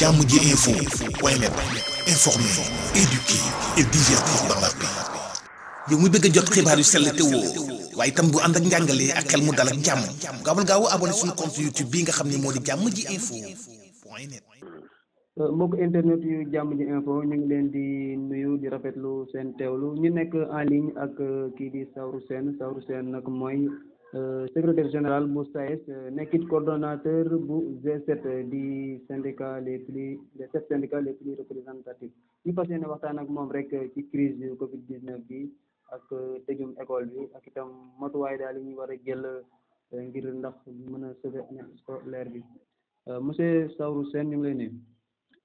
jàmm ji info point net informer, éduquer et divertir dans la paix. bëgg a jot xibaar yu sell te woo waaye itam bu ànd ak njàngalee ak xel mu dal ak jàmm gaawal gaaw abonné suñu compte YouTube bii nga xam ne moo di jàmm ji info point net. Euh, mbokk internet yu jàmm ji info ñu ngi leen di nuyu di rafetlu seen teewlu ñu nekk en ligne ak euh, kii di Saourou Sène Saourou seen nag mooy. Euh, secrétaire général Moussa Yes euh, nekkit coordonnateur bu G7 euh, di syndicat les plus les sept syndicats les plus représentatifs ñu fas ne waxtaan ak moom rek ci crise Covid 19 bi ak tëjum école bi ak itam matuwaay daal yi ñu war a jël ngir ndax mën a sauver année bi monsieur Saourou Sène ñu lay nuyu.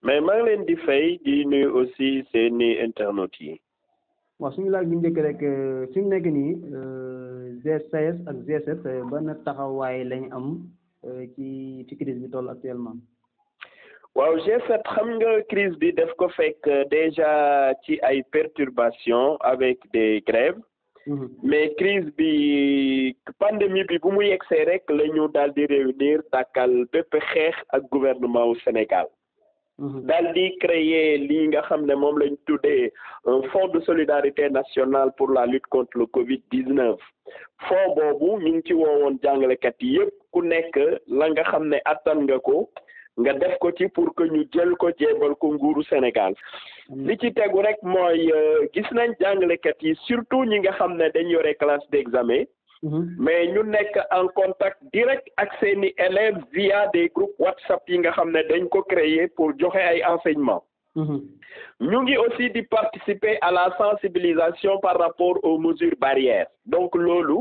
mais maa leen di fay di nuyu aussi seeni internautes yi. waaw suñu laaj bu njëkk rek euh, fi nekk nii euh, g ak G7 euh, ban taxawaay lañ am ci ci crise bi tool actuellement. waaw G7 xam nga crise bi daf ko fekk déjà ci ay perturbation avec des grèves. Mm-hmm. mais crise bi pandémie bi bu mu yegsee rek la ñu daal di réunir tàkkal bépp xeex ak gouvernement wu Sénégal. Mhm. daal di créer lii nga xam ne moom lañ tuddee un fonds de solidarité nationale pour la lutte contre le Covid 19 fonds boobu ñu ngi ci woowoon jàngalekat yi yëpp ku nekk la nga xam ne attan nga ko nga def ko ci pour que ñu jël ko jébal ko nguuru Sénégal mhm. li ci tegu rek mooy euh, gis nañ jàngalekat yi surtout ñi nga xam ne dañ yore classe d'examen Mhm. mais ñu nekk en contact direct ak seeni élèves via des groupes WhatsApp yi nga xam ne dañ ko créer pour joxe ay enseignement mhm. ñu ngi aussi di participer à la sensibilisation par rapport aux mesures barrières donc loolu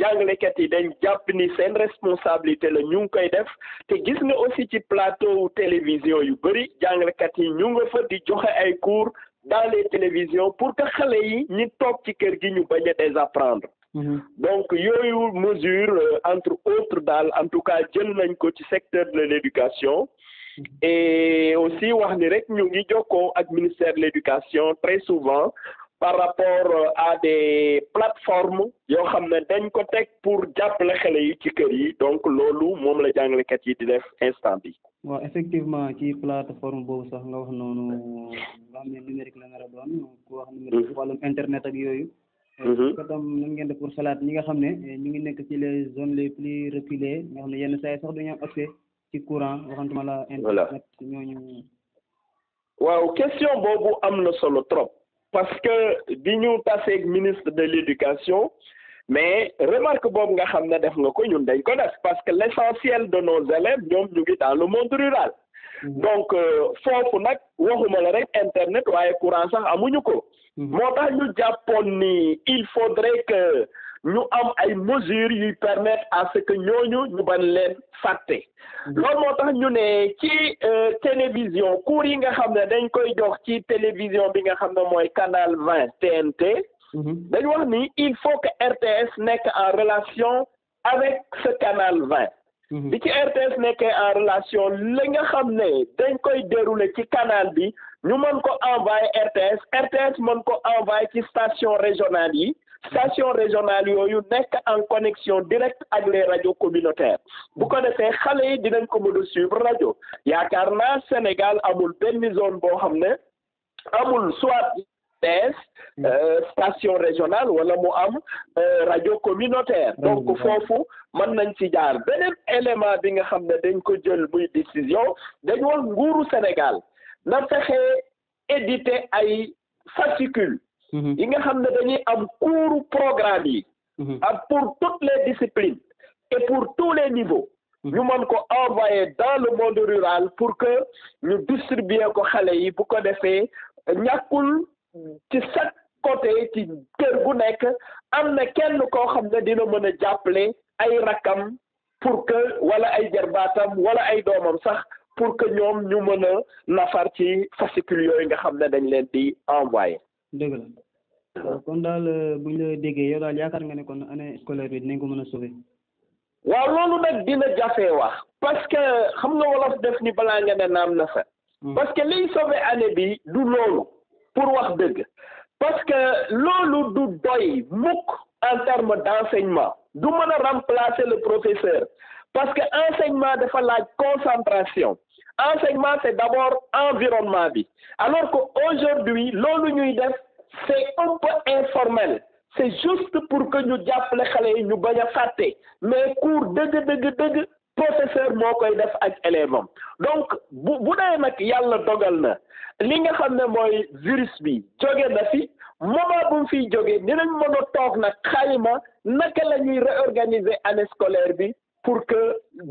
jàngalekat yi dañ jàpp ni seen responsabilité la ñu ngi koy def te gis nga aussi ci plateau télévision yu bëri jàngalekat yi ñu nga fa di joxe ay cours dans les télévisions pour que xale yi ñi toog ci kër gi ñu bañ a désapprendre Mhm. donc yooyu mesure euh, entre autres daal en tout cas jël nañ ko ci secteur de l'éducation mhm. et aussi wax ni rek ñu ngi jokkoo ak ministère de l'éducation très souvent par rapport euh, à des plateformes yoo xam ne dañ ko teg pour jàppale xele yi ci kër yi donc loolu moom la jàngalekat yi di def instant bi waaw effectivement ci plateforme boobu sax nga wax noonu nga xam ne numérique la nar a doon wax numérique mhm. wàllum internet ak yooyu ko tam mm-hmm. nan ngeen def pour salaat ñi nga xam ne eh, ñu ngi nekk ci les zones les plus reculées nga xam ne yenn saa sax duñu am accès ci courant waxantuma la internet waaw question boobu am na solo trop parce que bi ñu taseeg ministre de l'éducation mais remarque boob nga xam ne def nga ko ñun dañ ko parce que l'essentiel de nos élèves ñoom ñu ngi le monde rural Mm-hmm. donc euh, foofu nag waxuma la rek internet waaye courant sax amuñu ko mm-hmm. moo tax ñu jàppoon ni il faudrait que ñu am ay mesures yu permettre à ce que ñooñu ñu bañ leen fàtte mm-hmm. loolu moo tax ñu ne ci euh, télévision cours yi nga xam ne dañ koy jox ci télévision bi nga xam ne mooy canal 20 TNT dañ wax ni il faut que RTS nekk en relation avec ce canal 20 bi ci RTS nekkee en relation li nga xam ne dañ koy dérouler ci canal bi ñu mën ko envoyé RTS RTS mën ko envoyé ci station régionale yi station régionale yooyu nekk en connection directe ak les radios communautaires bu ko defee xale yi dinañ ko mën a suivre rajo yaakaar naa Sénégal amul benn zone boo xam ne amul soit PS mm. euh, station régionale wala mu am euh, rajo communautaire donc foofu mën nañ ci jaar beneen élément bi nga xam ne dañ ko jël muy décision dañ war nguuru Sénégal na fexe éditer ay fascicule mm-hmm. yi nga xam ne dañuy am cours programme yi mm-hmm. ak ah, pour toutes les disciplines et pour tous les niveaux mm-hmm. ñu man ko envoyé dans le monde rural pour que ñu distribuer ko xale yi bu ko defee ñàkkul Hmm. ci chaque côté ci kër gu nekk am na kenn koo xam ne dina mën a jàppale ay rakkam pour que wala ay jarbaatam wala ay doomam sax pour que ñoom ñu mën a nafar ci fascicule yooyu nga xam ne dañ leen di envoyé. dëgg la hmm. kon daal euh, bu ñu la déggee yow daal yaakaar nga ne kon année scolaire bi dinañ ko mën a sauver. waaw loolu nag dina jafe wax parce que xam nga wolof def ni balaa nga ne naam na fa. Hmm. parce que liy sauver année bi du loolu. pour wax dëgg parce que loolu du doy mukk en terme d'enseignement du mën a remplacer le professeur parce que enseignement dafa laaj concentration enseignement c'est d'abord environnement bi alors que aujourd'hui loolu ñuy def c'est un peu informel c'est juste pour que ñu jàppale xale yi ñu bañ a fàtte mais cours dëgg dëgg dëgg professeur moo koy def ak élève am donc bu bu dee nag yàlla dogal na li nga xam ne mooy virus bi jóge na fi moment bu mu fiy jógee dinañ mën a toog nag xayma naka la ñuy réorganiser année scolaire bi pour que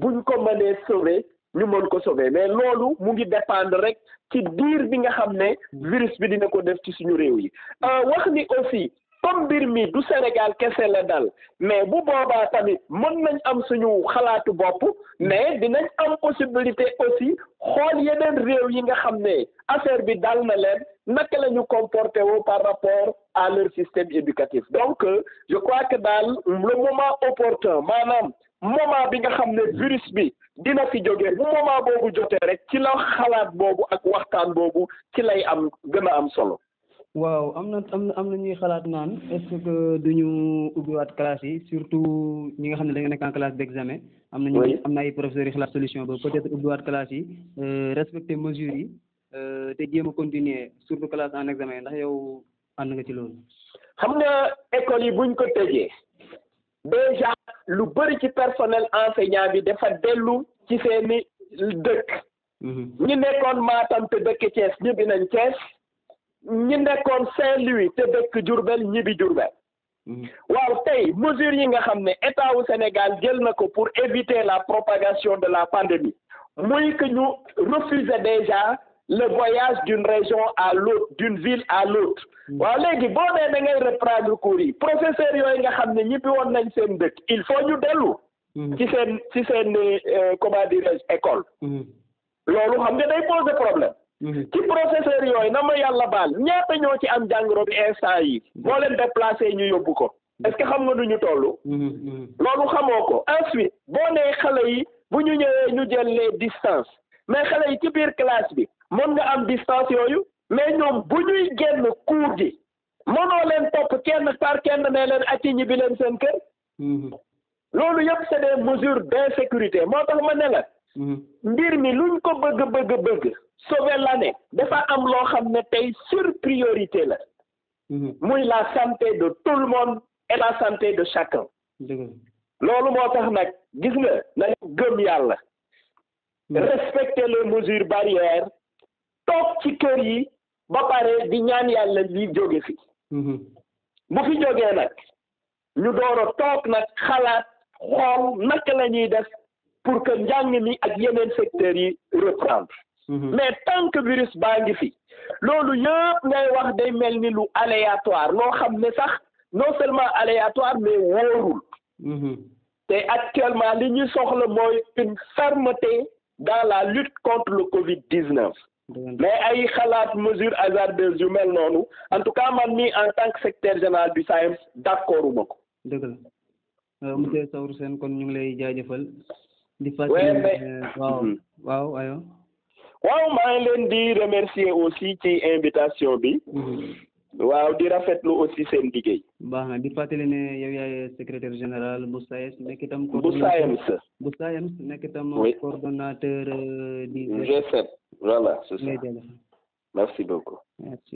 buñ ko mënee sauver ñu mën ko sauver mais loolu mu ngi dépendre rek ci diir bi nga xam ne virus bi dina ko def ci suñu réew yi euh, wax ni aussi comme mbir mi du Sénégal kese la dal mais bu boobaa tamit mën nañ am suñu xalaatu bopp mais dinañ am possibilité aussi xool yeneen réew yi nga xam ne affaire bi dal na leen naka la ñu comporté wo par rapport à leur système éducatif donc je crois que daal le moment opportun maanaam moment bi nga xam ne virus bi dina fi jógee bu moment boobu jotee rek ci la xalaat boobu ak waxtaan boobu ci lay am gën a am solo waaw am na am na am na ñuy xalaat naan est-ce que duñu ubbiwaat classe yi surtout ñi nga xam ne dañoo nekk en classe d'examen. am na ñu am na ay professeurs yu xalaat solution ba peut-être ubbiwaat classe yi euh, respecter mesures yi euh, te jéem a continuer surtout classe en examen ndax yow ànd nga ci loolu. xam nga école yi buñ ko tëjee déjà lu bëri ci personnel enseignant bi dafa dellu ci seeni dëkk. Mhm. ñu nekkoon Matam te dëkk Thiès ñibbi nañ Thiès. ñi nekkoon Saint-Louis te dëkk Diourbel ñibbi Diourbel mm-hmm. waaw tey mesure yi nga xam ne état wu Sénégal jël na ko pour éviter la propagation de la pandémie muy que ñu refuser déjà le voyage d'une région à l'autre d'une ville à l'autre mm-hmm. waaw léegi boo nee da ngay reprendre cours yi professeur yooyu nga xam ne ñibbi woon nañ seen dëkk il faut ñu dellu mm-hmm. ci seen ci seen euh, comment dirais école loolu xam nga day poser problème Mhm. ci professeur yooyu na ma yàlla baal ñaata ñoo ci am jàngoro bi instant yi boo leen déplacé ñu yóbbu ko est xam nga nu ñu toll mhm, mhm. loolu xamoo ko ensuite boo nee xale yi bu ñu ñëwee ñu jël les distances mais xale yi ci biir classe bi mën nga am distance yooyu mais ñoom bu ñuy génn cours gi mënoo leen topp kenn par kenn ne leen acci ñibbi leen seen kër loolu yëpp c'est des mesures sécurité moo tax ma ne la Mhm. mbir mi luñ ko bëgg bëgg bëgg sauver l'année dafa am loo xam ne tey sur priorité la mhm. muy la santé de tout le monde et la santé de chacun loolu moo tax nag gis nga nañu gëm yàlla mhm. respecter les mesures barrières toog ci kër yi ba pare di ñaan yàlla li jóge fi bu fi jógee nag ñu door toog nag xalaat xool naka la ñuy def pour que njàng mi ak yeneen secteurs yi reprendre mhm. mais tant que virus baa ngi fi loolu yëpp ngay wax day mel ni lu aléatoire loo xam ne sax non seulement aléatoire mais wóorul mhm. te actuellement li ñuy soxla mooy une fermeté dans la lutte contre le Covid 19 mais ay xalaat mesures hasardeuses yu mel noonu en tout cas man mii en tant que secrétaire général du SAEMS d' accord uma ko dëgg la euh, monsieur Saourou Sène kon ñu lay jaajëfal Euh, waaw mm-hmm. waaw ayo waaw maa ngi leen di remercier aussi ci invitation bi mm-hmm. waaw di rafetlu aussi seen liggéey baax na di fàttali ne yow yaay secrétaire général bu SAEMS nekk itam bu SAEMS bu SAEMS nekk itam coordonnateur euh, di G7 voilà c'est ça merci beaucoup merci